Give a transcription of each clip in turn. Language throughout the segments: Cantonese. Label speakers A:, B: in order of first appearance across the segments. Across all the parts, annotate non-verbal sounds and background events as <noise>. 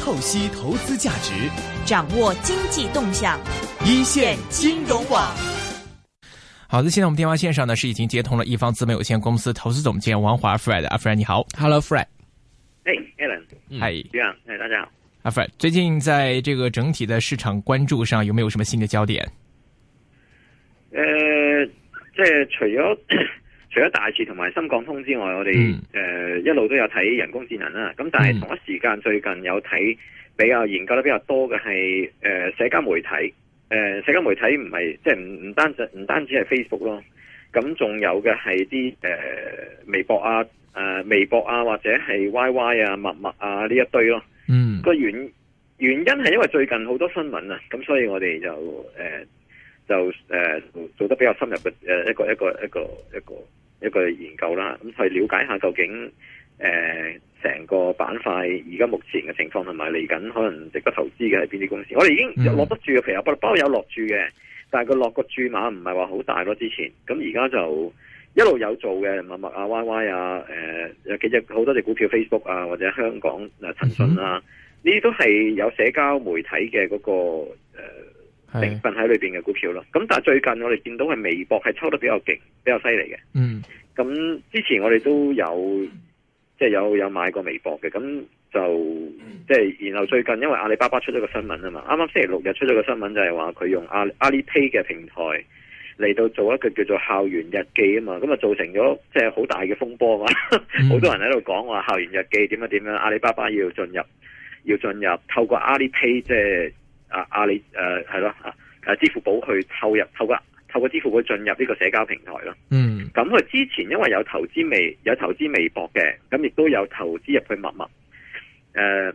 A: 透析投資價值，掌握經濟動向，一線金融網。好的，現在我們電話線上呢是已經接通了一方資本有限公司投資總監王華 Fred，阿 Fred 你好，Hello Fred。hey
B: Ellen hey 嗨，hey
C: 大家
A: 好，Fred，最近在這個整體的市場關注上有沒有什麼新的焦點？
C: 呃，即係主要除咗大市同埋深港通之外，我哋誒、嗯呃、一路都有睇人工智能啦。咁但係同一時間最近有睇比較研究得比較多嘅係誒社交媒體。誒、呃、社交媒體唔係即係唔唔單止唔單止係 Facebook 咯。咁仲有嘅係啲誒微博啊、誒、呃、微博啊或者係 Y Y 啊、陌陌啊呢一堆咯。個、嗯、原原因係因為最近好多新聞啊，咁所以我哋就誒、呃就誒、呃、做得比較深入嘅誒一個一個一個一個一個,一個,一個,一個研究啦，咁、嗯、去了解下究竟誒成、呃、個板塊而家目前嘅情況係咪嚟緊可能值得投資嘅係邊啲公司？我哋已經落得住嘅，譬如有包有落住嘅，但係佢落個注碼唔係話好大咯。之前咁而家就一路有做嘅，陌陌啊、Y Y 啊、誒有幾隻好多隻股票，Facebook 啊或者香港誒騰訊啦，呢、呃、啲、啊嗯、哼都係有社交媒體嘅嗰、那個誒。呃成分喺裏邊嘅股票咯，咁但係最近我哋見到係微博係抽得比較勁，比較犀利嘅。嗯，咁之前我哋都有即係、就是、有有買過微博嘅，咁就即係、就是、然後最近因為阿里巴巴出咗個新聞啊嘛，啱啱星期六日出咗個新聞就係話佢用阿阿里 Pay 嘅平台嚟到做一個叫做校園日記啊嘛，咁啊造成咗即係好大嘅風波啊嘛，好、嗯、 <laughs> 多人喺度講話校園日記點樣點樣，阿里巴巴要進入要進入，透過阿里 Pay 即係。啊！阿、啊、里，誒係咯，啊，誒支付寶去透入，透過透過支付寶進入呢個社交平台咯。嗯，咁佢之前因為有投資微有投資微博嘅，咁亦都有投資入去陌陌。誒、呃，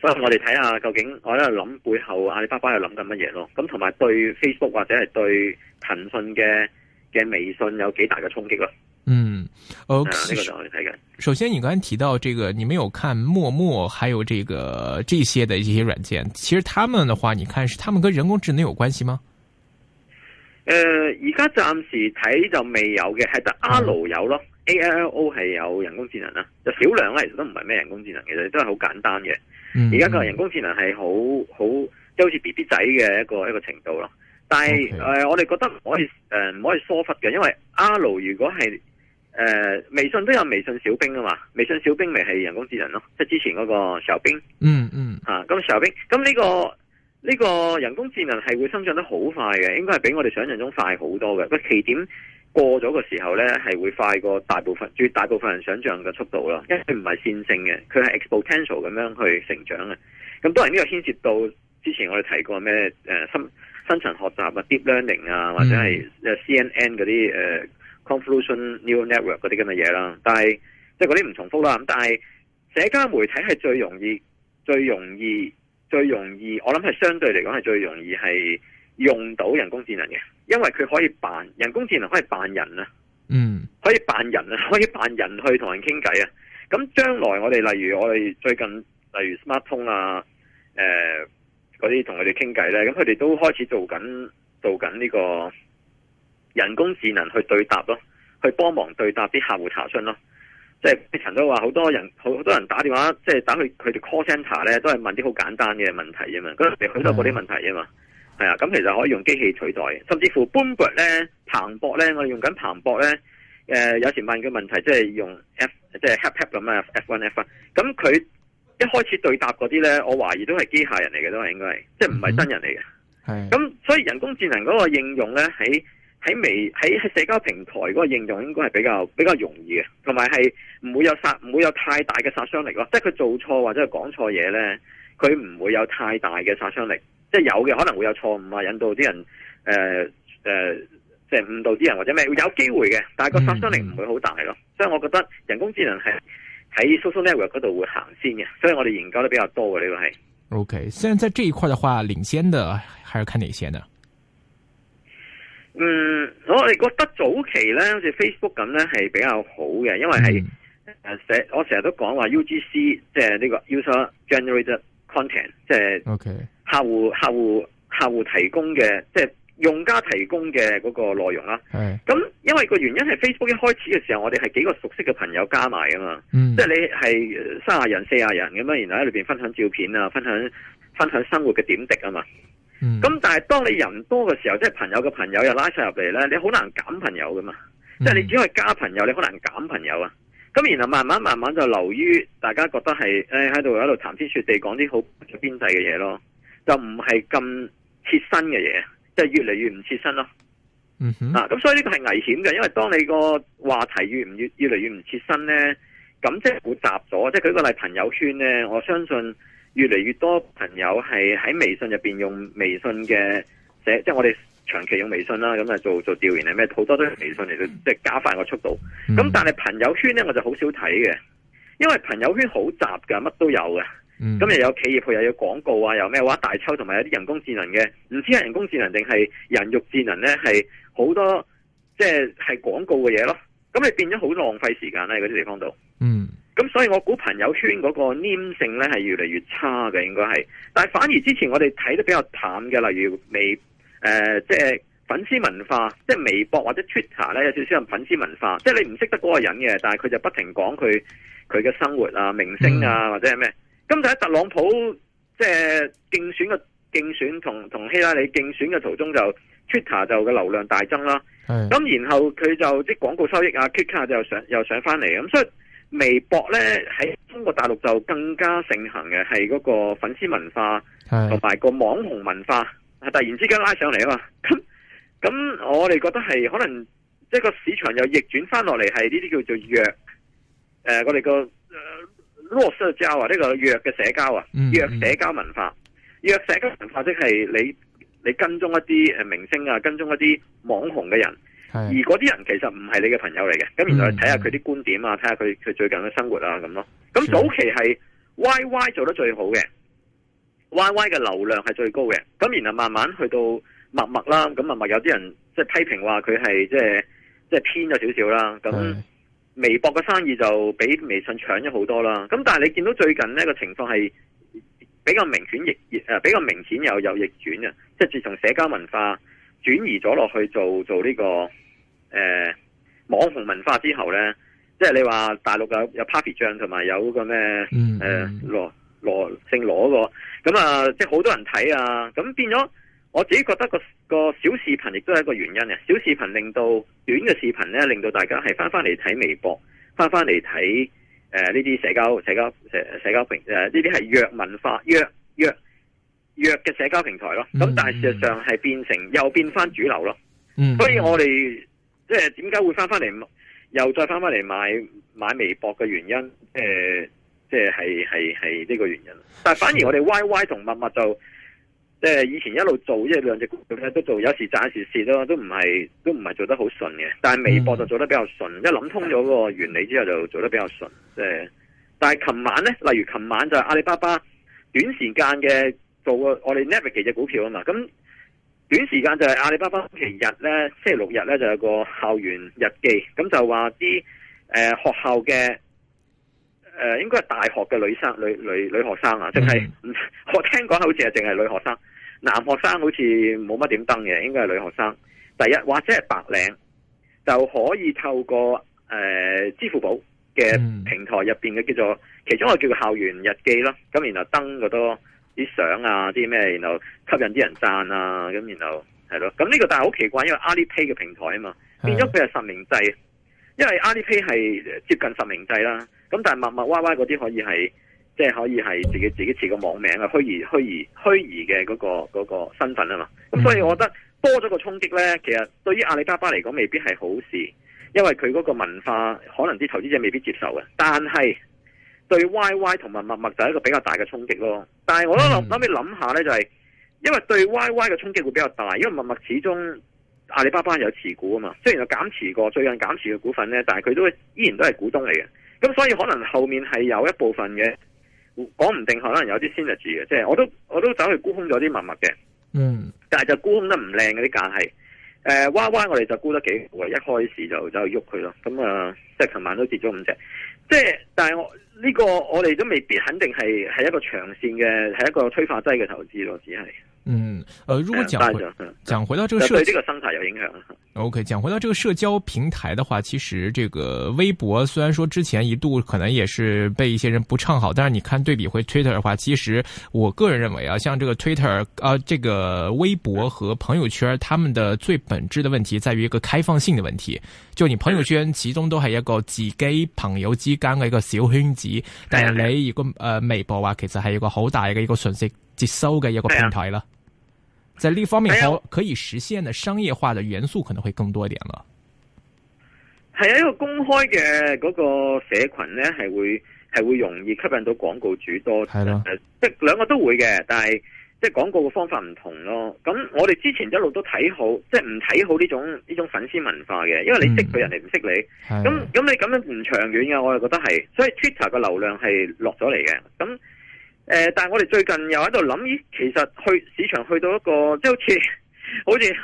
C: 所以我哋睇下究竟我喺度諗背後阿里巴巴係諗緊乜嘢咯？咁同埋對 Facebook 或者係對騰訊嘅。嘅微信有幾大嘅衝
A: 擊？嗯，呢、哦啊、實個睇首先，你剛提到這個，你沒有看陌陌，默默還有這個這些的一些軟件。其實他們的話，你看是他們跟人工智能有關係嗎？
C: 誒、呃，而家暫時睇就未有嘅，係就阿、是、盧有咯、嗯、，A L L O 係有人工智能啦，就少量，其實都唔係咩人工智能，其實都係好簡單嘅。而家、嗯、個人工智能係、嗯、好好，即係好似 B B 仔嘅一個一個程度咯。但係，誒 Okay.、呃，我哋覺得唔可以，唔、呃、可以疏忽嘅，因為阿勞如果係誒、呃、微信都有微信小兵啊嘛，微信小兵咪係人工智能咯，即係之前嗰個小兵。嗯嗯、mm，咁、hmm. 啊、小兵，咁呢、這個呢、這個人工智能係會生長得好快嘅，應該係比我哋想象中快好多嘅。個奇點過咗嘅時候咧，係會快過大部分絕大部分人想象嘅速度啦，因為佢唔係線性嘅，佢係 exponential 咁樣去成長嘅。咁當然呢個牽涉到之前我哋提過咩深層學習啊，deep learning 啊，或者係 CNN 嗰啲誒 con、mm. uh, volution neural network 嗰啲咁嘅嘢啦。但係即係嗰啲唔重複啦。咁、就是、但係社交媒體係最容易、最容易、最容易，我諗係相對嚟講係最容易係用到人工智能嘅，因為佢可以扮、人工智能可以扮人啊，嗯，mm. 可以扮人啊，可以扮人去同人傾偈啊。咁將來我哋例如我哋最近例如 Smartphone 啊、呃，誒。嗰啲同佢哋傾偈咧，咁佢哋都開始做緊做緊呢個人工智能去對答囉，去幫忙對答啲客戶查詢囉。即係你陳都話好多人，好多人打電話，即係打去佢哋 call center 呢，都係問啲好簡單嘅問題啊嘛。咁你好多嗰啲問題啊嘛，係、嗯、啊，咁其實可以用機器取代，甚至乎搬腳咧、彭博呢，我哋用緊彭博咧。誒，有時問佢問題，即係用 F，即係 hap hap 咁啊，F1 F1，咁佢。一開始對答嗰啲呢，我懷疑都係機械人嚟嘅，都係應該係，即係唔係真人嚟嘅。咁、mm hmm.，所以人工智能嗰個應用呢，喺喺微喺社交平台嗰個應用，應該係比較比較容易嘅，同埋係唔會有殺，唔會有太大嘅殺傷力咯。即係佢做錯或者係講錯嘢呢，佢唔會有太大嘅殺傷力。即係有嘅可能會有錯誤啊，引導啲人即係誤導啲人或者咩，有機會有機會嘅。但係個殺傷力唔會好大咯。Mm hmm. 所以我覺得人工智能係喺 social network 度會行先嘅，所以我哋研究得比較多嘅呢個係。
A: OK，雖然在這一塊的話，領先的係要看哪些呢？
C: 嗯，我哋覺得早期咧，好似 Facebook 咁咧係比較好嘅，因為係誒，嗯、我成日都講話 UGC，即係呢個 user generated content，即係 OK 客戶 Okay 客戶客戶提供嘅即係。就是用家提供嘅嗰個內容啦，咁是因為個原因係 Facebook 一開始嘅時候，我哋係幾個熟悉嘅朋友加埋啊嘛，嗯、即係你係三十人四十人咁樣，然後喺裏面分享照片啊，分享分享生活嘅點滴啊嘛。咁、嗯、但係當你人多嘅時候，即係朋友嘅朋友又拉晒入嚟呢，你好難減朋友噶嘛，嗯、即係你只係加朋友，你好難減朋友啊。咁然後慢慢慢慢就流於大家覺得係誒喺度喺度談天説地，講啲好邊際嘅嘢咯，就唔係咁切身嘅嘢。就越嚟越唔切身咯，嗯、哼啊，咁所以呢個係危險嘅，因為當你個話題越唔越越嚟越唔切身咧，咁即係複雜咗。即係舉個例，朋友圈咧，我相信越嚟越多朋友係喺微信入面用微信嘅寫，即係我哋長期用微信啦，咁啊做做調研係咩？好多都係微信嚟到，嗯、即係加快個速度。咁、嗯、但係朋友圈咧，我就好少睇嘅，因為朋友圈好雜噶，乜都有嘅。咁、嗯、又有企業佢又有廣告啊，又咩話大抽同埋有啲人工智能嘅，唔知係人工智能定係人肉智能呢？係好多即係係廣告嘅嘢咯。咁你變咗好浪費時間呢喺嗰啲地方度。嗯，咁所以我估朋友圈嗰個黏性呢係越嚟越差嘅，應該係。但係反而之前我哋睇得比較淡嘅，例如微誒、呃、即係粉絲文化，即係微博或者 Twitter 呢，有少少人粉絲文化，即係你唔識得嗰個人嘅，但係佢就不停講佢佢嘅生活啊、明星啊、嗯、或者係咩。咁就喺特朗普即係競選嘅競選同同希拉里競選嘅途中就 Twitter 就嘅流量大增啦，咁是的 然後佢就即廣告收益啊 Kicker 就又上又上翻嚟，咁所以微博咧喺中國大陸就更加盛行嘅，係嗰個粉絲文化同埋是的 個網紅文化突然之間拉上嚟啊嘛，咁咁我哋覺得係可能即係個市場又逆轉翻落嚟，係呢啲叫做弱誒、呃、我哋個弱社交啊，呢個弱嘅社交啊，弱社交文化，嗯嗯、弱社交文化即係你你跟蹤一啲誒明星啊，跟蹤一啲網紅嘅人，是而嗰啲人其實唔係你嘅朋友嚟嘅，咁、嗯、然後睇下佢啲觀點啊，睇下佢佢最近嘅生活啊咁咯。咁早期係 Y Y 做得最好嘅是，Y Y 嘅流量係最高嘅，咁然後慢慢去到陌陌啦，咁陌陌有啲人即係批評話佢係即係即係偏咗少少啦，咁。微博嘅生意就比微信搶咗好多啦，咁但係你見到最近呢個情況係比較明顯逆誒比較明顯有有逆轉啊，即係自從社交文化轉移咗落去做做呢、這個誒、呃、網紅文化之後咧，即係你話大陸有有 Papi 醬同埋有個咩誒、嗯嗯呃、羅羅姓羅、那個咁啊，即係好多人睇啊，咁變咗我自己覺得個。個小視頻亦都係一個原因啊！小視頻令到短嘅視頻咧，令到大家係翻翻嚟睇微博，翻翻嚟睇誒呢啲社交社交誒社交平誒呢啲係弱文化、弱弱弱嘅社交平台咯。咁但係事實上係變成又變翻主流咯。所以我哋即係點解會翻翻嚟，又再翻翻嚟買買微博嘅原因，誒即係係係係呢個原因。但係反而我哋 YY 同陌陌就。即係以前一路做即係兩隻股票咧，都做有時賺有時蝕咯，都唔係都唔係做得好順嘅。但係微博就做得比較順，嗯、一諗通咗個原理之後就做得比較順。即、就、係、是，但係琴晚咧，例如琴晚就係阿里巴巴短時間嘅做個我哋 Naver 嘅股票啊嘛。咁短時間就係阿里巴巴星期日咧，星期六日咧就有個校園日記，咁就話啲誒學校嘅誒、呃、應該係大學嘅女生女女女學生啊，嗯、即係我聽講好似係淨係女學生。男學生好似冇乜點登嘅，應該係女學生。第一或者係白領就可以透過誒、呃、支付寶嘅平台入邊嘅叫做其中一個叫做校園日記咯。咁然後登嗰多啲相啊，啲咩，然後吸引啲人讚啊。咁然後係咯。咁呢個但係好奇怪，因為阿里 pay 嘅平台啊嘛，變咗佢係實名制，因為阿里 pay 係接近實名制啦。咁但係陌陌歪歪嗰啲可以係。即係可以係自己自己設個網名啊，虛擬虛擬虛擬嘅嗰個嗰個身份啊嘛。咁所以我覺得多咗個衝擊呢，其實對於阿里巴巴嚟講未必係好事，因為佢嗰個文化可能啲投資者未必接受嘅。但係對 YY 同埋陌陌就係一個比較大嘅衝擊咯。但係我都諗諗，你諗下呢就係因為對 YY 嘅衝擊會比較大，因為陌陌始終阿里巴巴有持股啊嘛。雖然有減持過，最近減持嘅股份呢，但係佢都依然都係股東嚟嘅。咁所以可能後面係有一部分嘅。講唔定可能有啲先入住嘅，即係我都我都走去沽空咗啲陌陌嘅，嗯，但係就沽空得唔靚嗰啲價係，誒、呃，歪歪我哋就沽得幾好，啊，一開始就走去喐佢咯，咁啊、呃，即係琴晚都跌咗五隻，即係但係我呢、這個我哋都未必肯定係係一個長線嘅，係一個催化劑嘅投資咯，只係。
A: 嗯，呃，如果講講回到這個，對這個
C: 生態有影響。
A: OK，講回到這個社交平台的話，其實這個微博雖然說之前一度可能也是被一些人不唱好，但是你看對比回 Twitter 的話，其實我個人認為啊，像這個 Twitter 啊，這個微博和朋友圈，他們的最本質的問題在於一個開放性的問題。就你朋友圈其中都係一個幾 gay 朋友幾乾嘅一個小圈子，但係你如果微博啊，其實還有一個好大一個一個損失接收嘅一個平台啦、啊，在呢方面、啊、可以實現嘅商業化的元素可能會更多一點啦。
C: 係啊，一個公開嘅嗰個社群咧，係會係會容易吸引到廣告主多。係咯、啊呃，即係兩個都會嘅，但係即係廣告嘅方法唔同咯。咁我哋之前一路都睇好，即係唔睇好呢種呢種粉絲文化嘅，因為你識佢、嗯、人哋唔識你，咁咁你咁樣唔長遠嘅，我又覺得係，所以 Twitter 嘅流量係落咗嚟嘅，咁。誒、呃，但係我哋最近又喺度諗，咦，其實去市場去到一個，即係好似好似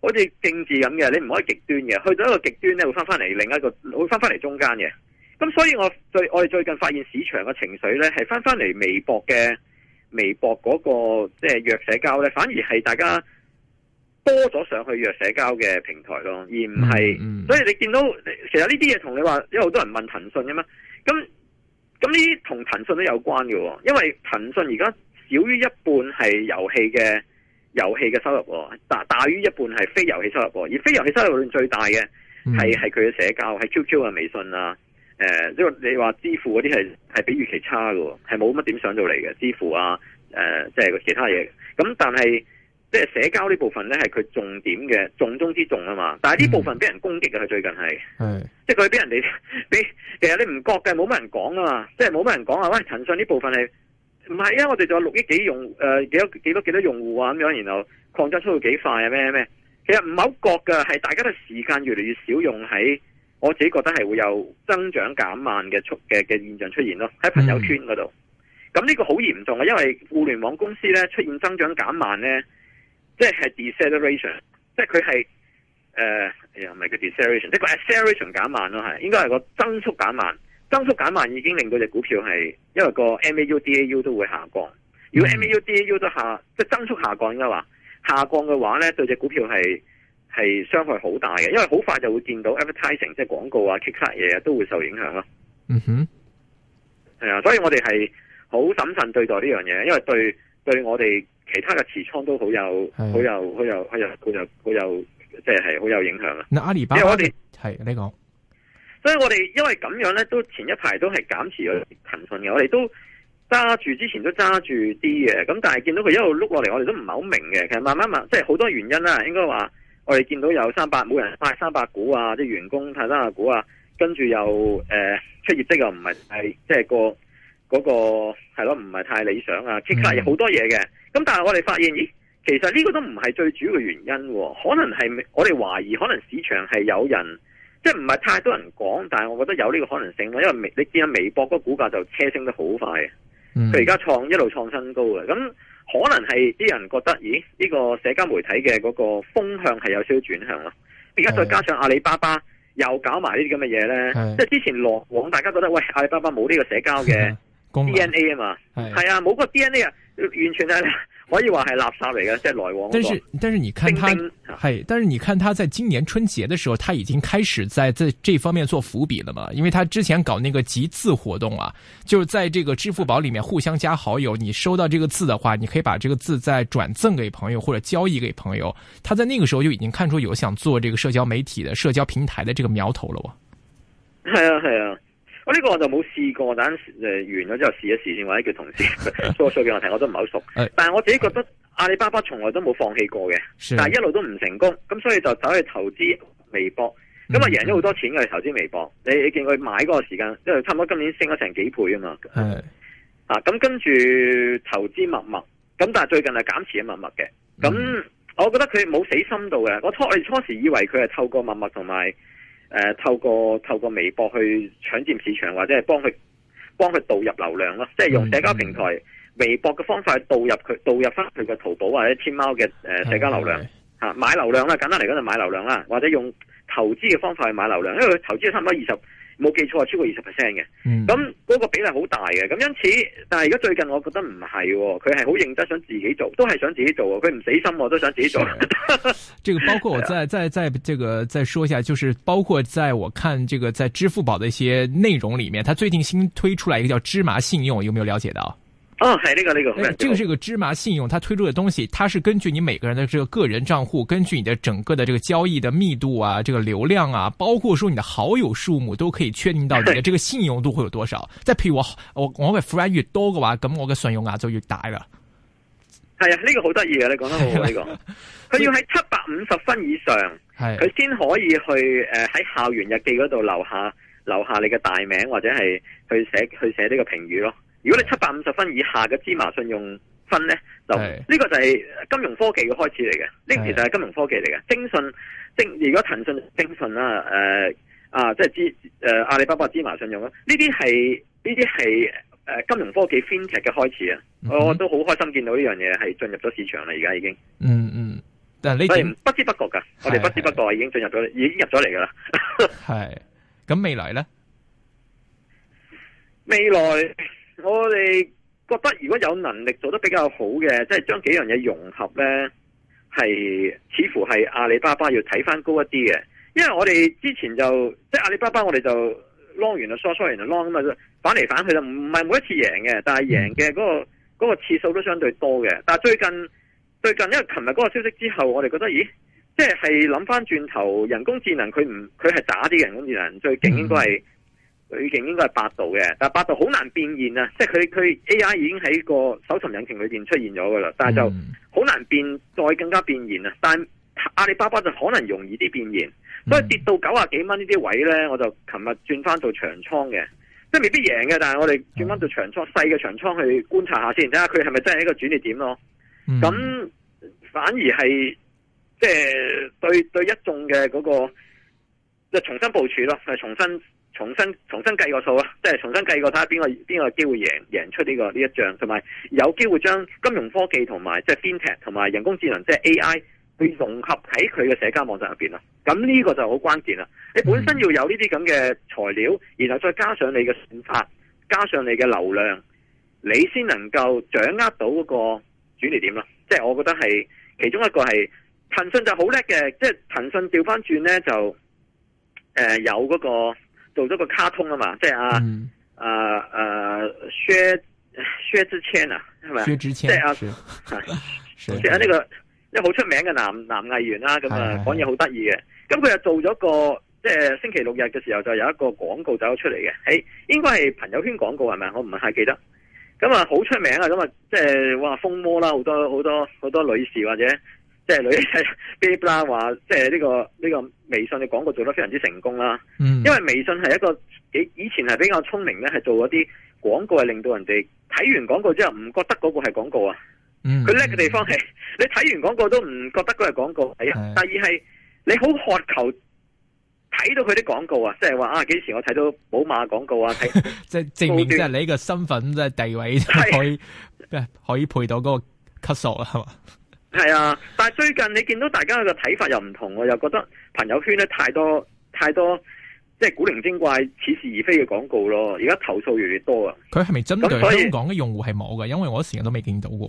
C: 好似政治咁嘅，你唔可以極端嘅，去到一個極端咧，會翻翻嚟另一個，會翻翻嚟中間嘅。咁所以我最我哋最近發現市場嘅情緒咧，係翻翻嚟微博嘅，微博嗰、那個即係、就是、弱社交咧，反而係大家多咗上去弱社交嘅平台咯，而唔係，嗯嗯，所以你見到其實呢啲嘢同你話有好多人問騰訊吖嘛。咁。咁呢啲同騰訊都有關嘅，因為騰訊而家少於一半係遊戲嘅遊戲嘅收入，大大於一半係非遊戲收入。而非遊戲收入裏面最大嘅係係佢嘅社交，係 QQ 啊、微信啊，誒、呃，呢個你話支付嗰啲係係比預期差喎，係冇乜點上到嚟嘅支付啊，誒、呃，即係其他嘢。咁但係。即係社交呢部分咧，係佢重點嘅重中之重啊嘛！但係呢部分俾人攻擊嘅，佢最近係，即係佢俾人哋俾其實你唔覺嘅，冇乜人講啊嘛！即係冇乜人講啊，喂，騰訊呢部分係唔係啊？我哋仲有六億幾用誒、呃，幾多幾多幾多用戶啊咁樣，然後擴張速度幾快啊咩咩？其實唔係好覺嘅係，大家都時間越嚟越少用喺，我自己覺得係會有增長減慢嘅速嘅嘅現象出現咯，喺朋友圈嗰度。咁呢、嗯、個好嚴重啊！因為互聯網公司咧出現增長減慢咧。即係 deceleration，即係佢係誒，又、呃、唔係、哎、叫 deceleration，即係個 acceleration 減慢咯，係應該係個增速減慢，增速減慢已經令到隻股票係，因為個 MAU、DAU 都會下降。如果 MAU、DAU 都下，即係增速下降嘅話，下降嘅話呢，對隻股票係係傷害好大嘅，因為好快就會見到 advertising，即係廣告啊、kickback 嘢啊，都會受影響咯。嗯哼，係啊，所以我哋係好審慎對待呢樣嘢，因為對對我哋。其他嘅持倉都好有係好有，好有，好有，好有，好有，好有，即係好有影響啊！
A: 阿里巴巴，係呢個，你講。
C: 所以我哋因為咁樣咧，都前一排都係減持咗騰訊嘅，我哋都揸住之前都揸住啲嘅，咁但係見到佢一路碌落嚟，我哋都唔係好明嘅。其實慢慢慢，即係好多原因啦，應該話我哋見到有三百，每人派三百股啊，即員工派三百股啊，跟住又誒、呃、出業績又唔係係即係個嗰個係咯，唔係太理想啊。其實有好多嘢嘅，咁、嗯、但係我哋發現，咦，其實呢個都唔係最主要嘅原因喎。可能係我哋懷疑，可能市場係有人，即係唔係太多人講，但係我覺得有呢個可能性咯。因為你見啊，微博嗰個股價就車升得好快，佢而家創一路創新高嘅。咁可能係啲人覺得，咦，呢個社交媒體嘅嗰個風向係有少少轉向咯。而家再加上阿里巴巴又搞埋呢啲咁嘅嘢呢，的即係之前落往大家覺得，喂，阿里巴巴冇呢個社交嘅。DNA 啊嘛，係啊，冇個 DNA 啊，完全係可以話係垃圾嚟嘅，即係來往。但是
A: 但是你看他，係叮，但是你看他在今年春節的時候，他已經開始在這在這方面做伏筆了嘛？因為他之前搞那個集字活動啊，就是在這個支付寶裏面互相加好友，你收到這個字的話，你可以把這個字再轉贈給朋友或者交易給朋友。他在那個時候就已經看出有想做這個社交媒體的社交平台的這個苗頭了。我係
C: 啊係啊。我呢個我就冇試過，等誒、呃、完咗之後試一試先或者叫同事。 <laughs> 數個數畀我聽，我都唔係好熟， <laughs> 但係我自己覺得阿里巴巴從來都冇放棄過嘅，是的但係一路都唔成功，咁所以就走去投資微博，咁啊贏咗好多錢嘅投資微博。你你見佢買嗰個時間，因為差唔多今年升咗成幾倍啊嘛。的啊，咁跟住投資陌陌，咁但係最近係減持咗陌陌嘅。咁我覺得佢冇死心到嘅。我初我初時以為佢係透過陌陌同埋。誒，透過透過微博去搶佔市場，或者係幫佢幫佢導入流量咯，即係用社交平台、嗯嗯、微博嘅方法去導入佢，導入翻佢嘅淘寶或者天貓嘅誒社交流量吓，嗯嗯、買流量啦，簡單嚟講就買流量啦，或者用投資嘅方法去買流量，因為佢投資差唔多二十。冇記錯啊，超過二十 percent 嘅，咁嗰個比例好大嘅，咁因此，但係如果最近我覺得唔係、哦，佢係好認真想自己做，都係想自己做喎。佢唔死心，我都想自己做。
A: 的 <laughs> 這個包括我再再再這個再說一下，就是包括在我看這個在支付寶的一些內容裏面，他最近新推出來一個叫芝麻信用，有沒有了解到？
C: 哦，係呢個呢個，呢就係
A: 個芝麻信用，佢推出嘅東西，佢係根據你每個人嘅這個，個人賬戶，根據你嘅整個嘅這個交易嘅密度啊，這個流量啊，包括說你嘅好友數目，都可以確定到你嘅這個信用度會有多少。即 <laughs> 譬如我，我我 friend 越多嘅話，咁我嘅信用額就越大㗎。係啊，呢個好得
C: 意嘅，你講得好呢個。佢要喺七百五十分以上，佢是先可以去誒喺、呃、校園日記嗰度留下留下你嘅大名或者係去寫去寫呢個評語咯。如果你七百五十分以下嘅芝麻信用分咧，就呢是個就係金融科技嘅開始嚟嘅。呢個是其實係金融科技嚟嘅，徵信、徵如果騰訊徵信啦，誒、呃、啊，即係芝誒阿里巴巴的芝麻信用啦。呢啲係呢啲係誒金融科技 fintech 嘅開始啊！嗯、哼我都好開心見到呢樣嘢係進入咗市場啦，而家已經嗯嗯，但係呢啲，不知不覺噶，我哋不知不覺已經進入咗，已經進入咗嚟噶啦。
A: 係咁是了 <laughs> 未來咧，
C: 未來。我哋覺得如果有能力做得比較好嘅，即係將幾樣嘢融合呢，係似乎係阿里巴巴要睇翻高一啲嘅。因為我哋之前就即係阿里巴巴，我哋就 long 完就 short，short 完就 long 咁啊，反嚟反去啦，唔係係每一次贏嘅，但係贏嘅嗰個嗰個次數都相對多嘅。但係最近最近，因為琴日嗰個消息之後，我哋覺得，咦，即係諗翻轉頭，人工智能佢唔佢係打啲人工智能最勁，應該係。佢已經應該係百度嘅，但係百度好難變現啊！即係佢佢 AI 已經喺個搜尋引擎裏邊出現咗噶啦，但係就好難變再更加變現啊！但係阿里巴巴就可能容易啲變現，所以跌到九啊幾蚊呢啲位咧，我就琴日轉翻到長倉嘅，即係未必贏嘅，但係我哋轉翻到長倉細嘅長倉去觀察下先，睇下佢係咪真係一個轉折點咯。咁、嗯、反而係即係對對一眾嘅嗰個，就重新部署咯，係重新。重新重新計個數啊！即係重新計個睇下邊個邊個機會贏贏出呢、呢個呢一仗，同埋有，有機會將金融科技同埋即係 FinTech 同埋人工智能即係、即係、AI 去融合喺佢嘅社交網站入邊啦。咁呢個就好關鍵啦。你本身要有呢啲咁嘅材料，然後再加上你嘅算法，加上你嘅流量，你先能夠掌握到嗰個轉移點啦。即係我覺得係其中一個係騰訊就好叻嘅，即係騰訊調翻轉呢，就、呃、誒有嗰、嗰個。做咗個卡通啊嘛，即係啊、嗯、啊，呃呃，薛薛之謙啊，係咪？薛
B: 之謙，
C: 對啊，薛呢個一、這個好出名嘅男男藝員啦、啊，咁啊講嘢好得意嘅，咁佢的又做咗個即係星期六日嘅時候就有一個廣告走咗出嚟嘅。係應該係朋友圈廣告係咪？我唔係太記得，咁啊好出名啊，咁啊即係哇風魔啦，好多好多好多女士或者。即係女仔 B B 啦，話即係呢個呢個微信嘅廣告做得非常之成功啦。嗯，因為微信係一個幾以前係比較聰明咧，係做一啲廣告係令到人哋睇完廣告之後唔覺得嗰個係廣告啊。
B: 嗯，佢叻
C: 嘅地方係你睇完廣告都唔覺得嗰係廣告，哎呀，第二係你好渴求睇到佢啲廣告啊，即係話啊，幾時我睇到寶馬廣告啊？睇
A: 即係正面即係你個身份即係地位可以咩的可以配到嗰個級數啦，係嘛？
C: 係啊，但係最近你見到大家嘅睇法又唔同，啊，我又覺得朋友圈咧太多太多，即係古靈精怪、似是而非嘅廣告咯。而家投訴越嚟越多啊！
A: 佢係咪針對香港嘅用戶係冇嘅？因為我一時間都未見到過，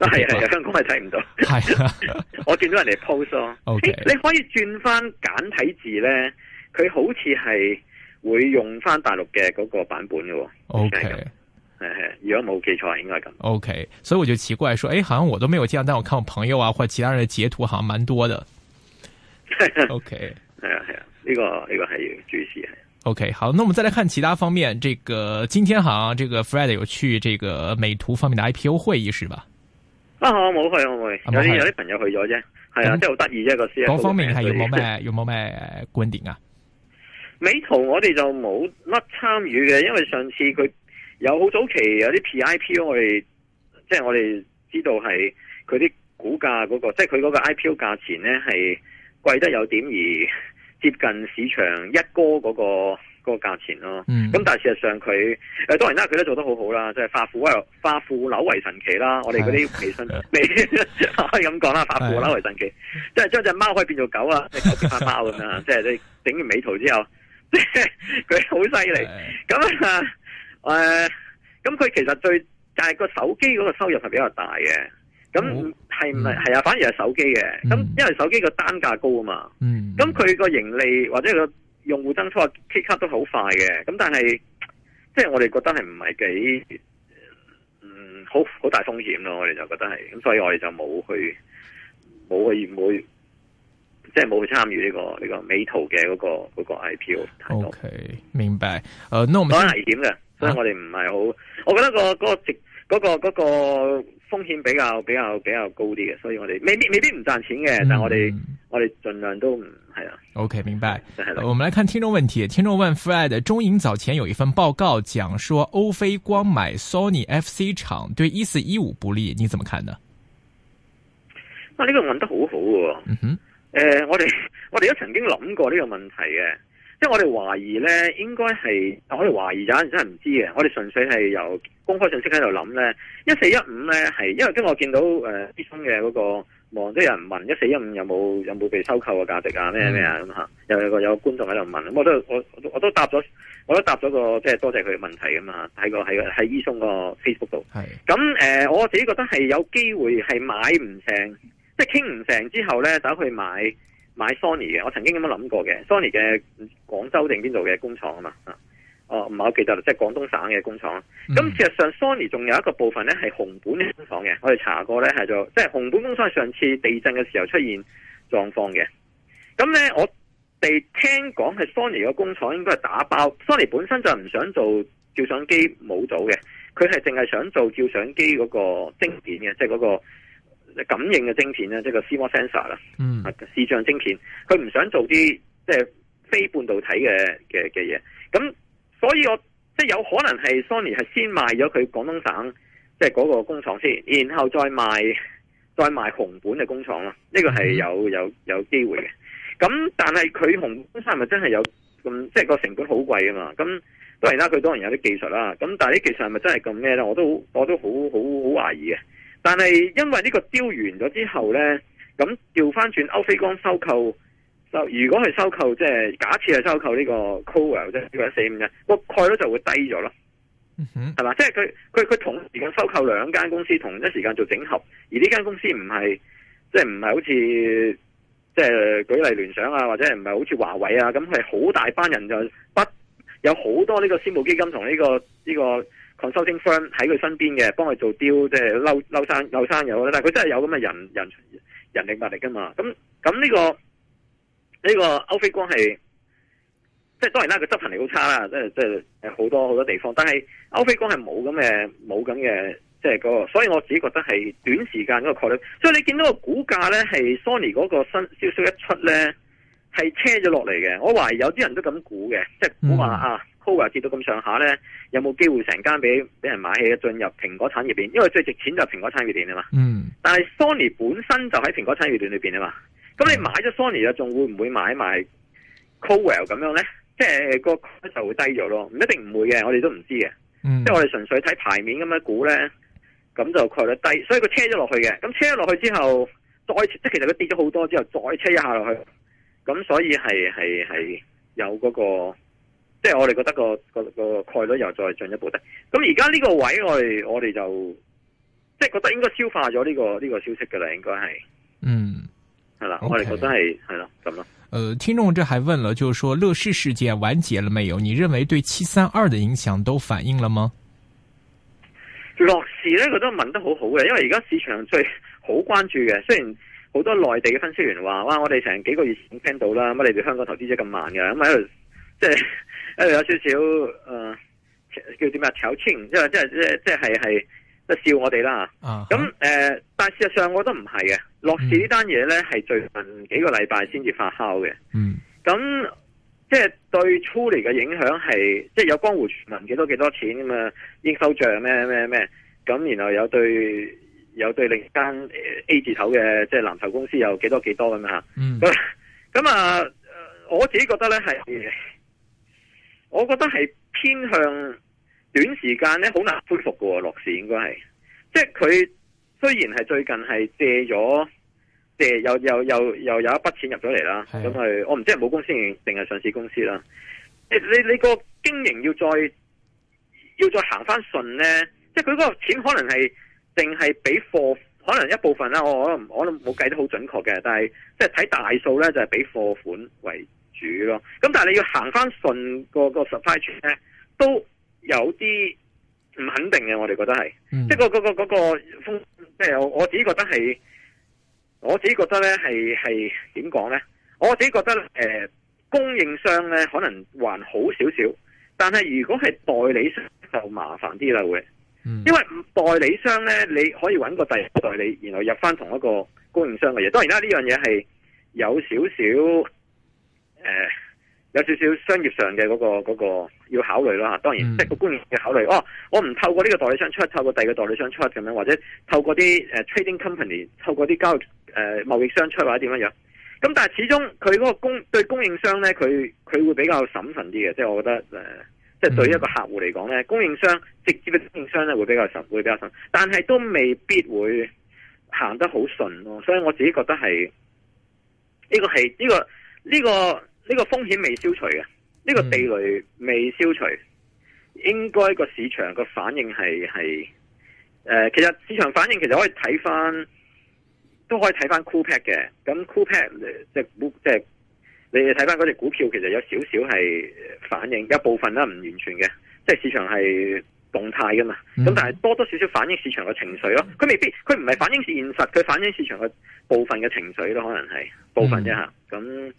C: 係係的、okay、吧香港係睇唔到。係，我見到人哋 post 咯。O Okay . K，hey, 你可以轉翻簡體字咧，佢好似係會用翻大陸嘅嗰個版本嘅。O Okay . K。是是如果冇記錯，係應該
A: 咁。O、okay, K，所以我就奇怪，說誒、欸，好像我都沒有見，但我看我朋友啊或者其他人嘅截圖，好像蠻多的。O K，係啊係啊，呢、這個呢、這個係要注意事。O、okay, K，好，那我們再來看其他方面。這個今天好像這個 Fred 有去這個美圖方面的 I P O 會議是吧？啊，
C: 我冇去，我冇去，有啲有啲朋友去咗啫。係啊，真係好得意啫個。嗰方面係 <laughs> 有冇咩
A: 有冇咩觀點啊？
C: 美圖我哋就冇乜參與嘅，因為上次佢。有好早期有啲 P I P，我哋即係我哋知道係佢啲股價嗰、那個，即係佢嗰個 I P O 價錢咧係貴得有點而接近市場一哥嗰、那個嗰、那個價錢咯。咁、嗯、但係事實上佢誒當然啦，佢都做得好好啦，即、就、係、是、化腐為化腐朽為神奇啦。我哋嗰啲微信未可以咁講啦，化腐朽為神奇，即係將隻貓可以變做狗啊，你係狗變翻貓咁樣即係你整完美圖之後，即係佢好犀利咁啊！誒，咁佢、呃、其實最但係個手機嗰個收入係比較大嘅，咁係唔係係啊？反而係手機嘅，咁、嗯、因為手機個單價高啊嘛。咁佢個盈利或者個用戶增速啊，kick up 都好快嘅。咁但係即係我哋覺得係唔係幾嗯好好大風險咯。我哋就覺得係，咁所以我哋就冇去冇去冇即係冇去參與呢個呢、這個美圖嘅嗰、那個嗰、那個 IPO。O、okay,
A: K，明白。誒、uh, no，嗱，我講下危
C: 險嘅。啊、所以我哋唔係好，我覺得、嗰個、嗰個值，嗰、嗰個、嗰個風險比較比較比較高啲嘅，所以我哋未必未必唔賺錢嘅，嗯、但係我哋我哋盡量都唔
A: 係啊。OK，明白的、啊。我們來看聽眾問題，聽眾問 Fred，中銀早前有一份報告講說歐菲光買 Sony FC 廠對一四一五不利，你怎麼看呢？
C: 啊，呢、呢個問得好好喎。嗯、哼，呃、我哋我哋都曾經諗過呢個問題嘅。即係我哋懷疑咧，應該係我哋懷疑，有陣真係唔知嘅。我哋純粹係由公開信息喺度諗咧，一四一五咧係，因為跟我見到誒，伊松嘅嗰個，望都有人問一四一五有冇有冇被收購嘅價值啊？咩咩啊咁吓，又有，有個有觀眾喺度問，咁我都我我都答咗，我都答咗個即係多謝佢嘅問題咁嘛，喺個喺個喺伊松個 Facebook 度。係咁誒，我自己覺得係有機會係買唔成，即係傾唔成之後咧，走去買。買 Sony 嘅，我曾經咁樣諗過嘅。Sony 嘅廣州定邊度嘅工廠啊嘛，啊，哦唔係我記得啦，即係廣東省嘅工廠。咁事實上 Sony 仲有一個部分咧，係熊本嘅工廠嘅，我哋查過咧，係做即係熊本工廠喺上次地震嘅時候出現狀況嘅。咁咧我哋聽講係 Sony 個工廠應該係打包，Sony 本身就唔想做照相機模組嘅，佢係淨係想做照相機嗰個經典嘅，即係嗰個。感應嘅晶片咧，即係個 CMOS sensor 啦，視像晶片，佢唔、嗯、想做啲即係非半導體嘅嘅嘅嘢。咁所以我即係有可能係 Sony 係先賣咗佢廣東省即係嗰個工廠先，然後再賣再賣紅本嘅工廠啦。呢、這個係有有有機會嘅。咁但係佢紅本廠係咪真係有咁即係個成本好貴噶嘛？咁當然啦，佢當然有啲技術啦。咁但係啲技術係咪真係咁咩咧？我都我都好好好懷疑嘅。但係因為呢個雕完咗之後呢，咁調翻轉歐菲光收購，收如果係收購，設是收購 ore，即係假設係收購呢個 Cooler 或者呢個四五嘅個概率就會低咗咯，係嘛、嗯哼？即係佢佢佢同一時間收購兩間公司，同一時間做整合，而呢間公司唔係即係唔係好似即係舉例聯想啊，或者係唔係好似華為啊？咁係好大班人就不有好多呢個私募基金同呢個呢個。這個 consulting friend 喺佢身邊嘅，幫佢做 deal，即係嬲嬲生、生友，但係佢真係有咁嘅人人人力物力噶嘛？咁咁呢個呢、呢個歐菲光係即係當然啦，佢執行力好差啦，即係即係好多好多地方。但係歐菲光係冇咁嘅，冇咁嘅，即係嗰個。所以我自己覺得係短時間嗰個概率。所以你見到個股價咧，係 Sony 嗰個新消息一出咧，係車咗落嚟嘅。我懷疑有啲人都咁估嘅，即係估話啊。嗯。股價跌到咁上下呢，有冇機會成間俾俾人買起，進入蘋果產業鏈？因為最值錢就係蘋果產業鏈啊嘛。嗯。但係 Sony 本身就喺蘋果產業鏈裏邊啊嘛。咁你買咗 Sony 啊，仲會唔會買埋 Cowell 咁樣呢？即係個就會低咗咯，唔一定唔會嘅，我哋都唔知嘅。嗯。即係我哋純粹睇牌面咁樣估呢，咁就概率低，所以佢車咗落去嘅。咁車咗落去之後，再即係其實佢跌咗好多之後，再車一下落去。咁所以係係有嗰、那個。即係我哋覺得個個個，個概率又再進一步啲，咁而家呢個位我哋我哋就即係覺得應該消化咗呢個呢個消息嘅啦，應該係嗯係啦，
B: 的 Okay.
C: 我哋覺得係係咯咁
A: 咯。呃，聽眾，這還問了，就是說樂視事件完結了沒有？你認為對七三二的影響都反映了嗎？
C: 樂視咧，我都問得很好好嘅，因為而家市場最好關注嘅，雖然好多內地嘅分析員話哇，我哋成幾個月前聽到啦，乜你哋香港投資者咁慢嘅，咁喺度即係。誒，有少少誒、呃，叫點啊？炒清即係即係即係即係係，即係，即係係笑我哋啦。咁誒、uh huh. 呃，但事實上我不是的，我覺得唔係嘅。樂視呢單嘢咧，係、hmm. 最近幾個禮拜先至發酵嘅。嗯、mm，咁、hmm. 即係對初嚟嘅影響係，即係有江湖傳聞幾多幾多少錢咁啊？應收賬咩咩咩？咁然後有對有對另一間 A 字頭嘅即係藍籌公司有幾多幾多咁吓。咁咁啊，我自己覺得咧係。我覺得係偏向短時間咧，好難恢復嘅落市，應該係即係佢雖然係最近係借咗借又又又又有一筆錢入咗嚟啦，咁啊的我唔知係冇公司定係上市公司啦。你你你個經營要再要再行翻順咧，即係佢嗰個錢可能係淨係俾貨，可能一部分啦，我我我都冇計得好準確嘅，但係即係睇大數咧就係俾貨款為主咯，咁、嗯嗯嗯嗯、但係你要行翻順個、那個 supply chain 咧，都有啲唔肯定嘅。我哋覺得係，即係、嗯那個、那個、那個風，即係我我自己覺得係，我自己覺得咧係係點講咧？我自己覺得誒、呃，供應商咧可能還好少少，但係如果係代理商就麻煩啲啦會，嗯、因為代理商咧你可以揾個第二代理，然後入翻同一個供應商嘅嘢。當然啦，呢樣嘢係有少少。誒、呃，有少少商業上嘅嗰、那個嗰、那個要考慮啦吓，當然即係個供應嘅考慮。哦，我唔透過呢個代理商出，透過第二個代理商出咁樣，或者透過啲誒、呃、trading company，透過啲交誒貿、呃、易商出或者點樣樣。咁但係始終佢嗰個供對供應商咧，佢佢會比較審慎啲嘅。即、就、係、是、我覺得誒，即、呃、係、就是、對一個客戶嚟講咧，供應商直接嘅供應商咧會比較審，會比較審，但係都未必會行得好順咯。所以我自己覺得係呢、這個係呢個呢個。這個呢個風險未消除嘅，呢個地雷未消除，應該個市場個反應係係誒，其實市場反應其實可以睇翻，都可以睇翻 Coolpad 嘅，咁 Coolpad 即係即係你哋睇翻嗰隻股票，其實有少少係反應，一部分啦，唔完全嘅，即係市場係動態噶嘛，咁但係多多少少反映市場嘅情緒咯，佢未必，佢唔係反映現實，佢反映市場嘅部分嘅情緒咯，可能係部分啫吓，咁、嗯。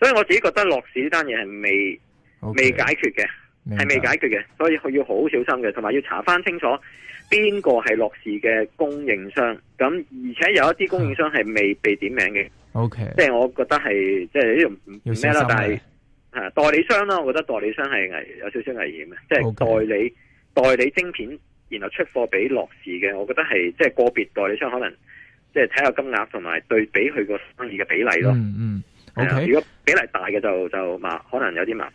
C: 所以我自己覺得樂視呢單嘢係未 okay，未解決嘅，係白未解決嘅，所以佢要好，好小心嘅，同埋要查翻清楚邊個係樂視嘅供應商。咁而且有一啲供應商係未被點名嘅。
B: O Okay , K，即
C: 係我覺得係即係呢樣唔咩啦，但係是、啊、代理商啦，我覺得代理商係危有少少危險嘅，okay，即係代理代理晶片，然後出貨俾樂視嘅。我覺得係即係個別代理商可能即係睇下金額同埋對比佢個生意嘅比例咯，嗯。嗯。OK，、呃、如果比例大嘅就就麻，可能有啲麻煩。
A: 誒、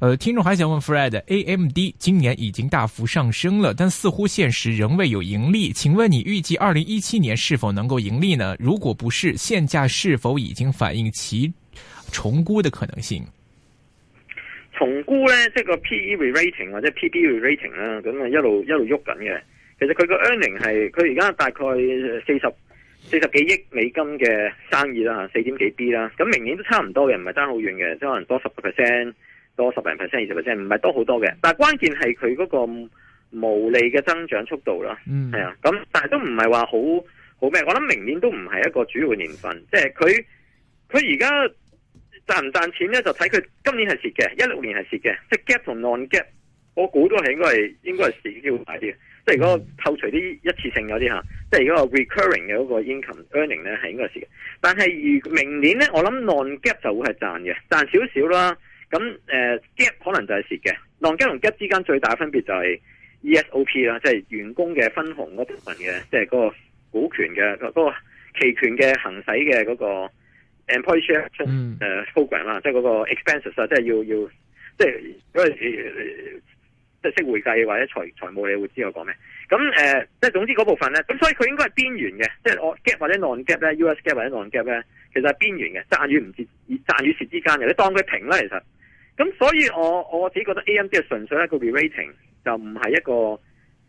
A: 呃，聽眾還想問 Fred，AMD 今年已經大幅上升了，但似乎現時仍未有盈利。請問你預計二零一七年是否能夠盈利呢？如果不是，現價是否已經反映其重估的可能性？
C: 重估呢，即係個 P/E rating 或者 P/B rating 啦，咁啊一路一路喐緊嘅。其實佢個 earnings 係佢而家大概四十。四十幾億美金嘅生意啦，四點幾 B 啦，咁明年都差唔多嘅，唔係爭好遠嘅，即係可能多十個 percent，多十零 percent、二十 percent，唔係多好多嘅。但係關鍵係佢嗰個毛利嘅增長速度啦，係啊、嗯，咁但係都唔係話好好咩？我諗明年都唔係一個主要嘅年份，即係佢佢而家賺唔賺錢咧，就睇佢今年係蝕嘅，一六年係蝕嘅，即係 gap 同 non gap，我估都係應該係應該係蝕快啲即係嗰個扣除啲一,一次性嗰啲即係嗰個 recurring 嘅嗰個 income earning 呢，係應該蝕嘅。但係如明年呢，我諗 non gap 就會係賺嘅，賺少少啦。咁、呃、gap 可能就係蝕嘅。Mm. non gap 同 gap 之間最大分別就係 ESOP 啦，即係員工嘅分紅嗰部分嘅，即係嗰個股權嘅嗰、嗰個期權嘅行使嘅嗰個 employee share program 啦、mm.，即係嗰個 expenses 啊，即係要要即係識會計或者財財務，你會知我講咩？咁、嗯、誒，即係總之嗰部分呢，咁所以佢應該係邊緣嘅，即係我 gap 或者 non-gap 呢 US gap 或者 non-gap 呢，其實係邊緣嘅，賺與唔接，以賺與蝕之間嘅。你當佢平咧，其實。咁所以我我自己覺得 AMD 係純粹一個 re-rating，就唔係一個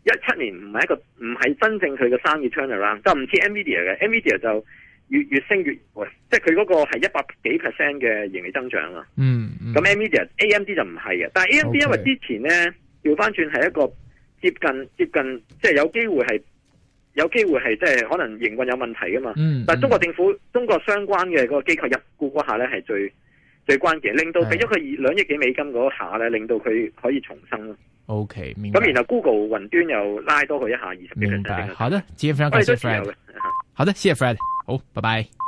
C: 一七年唔係一個唔係真正佢嘅生意 turnaround，就唔似 Nvidia 嘅。Nvidia 就越越升越，即係佢嗰個係一百幾 percent 嘅盈利增長啊。咁 Nvidia、嗯、嗯、AMD 就唔係嘅。但係 AMD 因為之前咧。調翻轉係一個接近接近，即係有機會係有機會係即係可能營運有問題噶嘛。嗯嗯、但係中國政府、中國相關嘅個機構入股嗰下咧係最最關鍵，令到俾咗佢二兩億幾美金嗰下咧，嗯、令到佢可以重生。
A: O K，咁然
C: 後 Google 雲端又拉多佢一下二十。幾
A: 幾明白。好的，今天非常感謝的好的，謝謝 f 好，拜拜。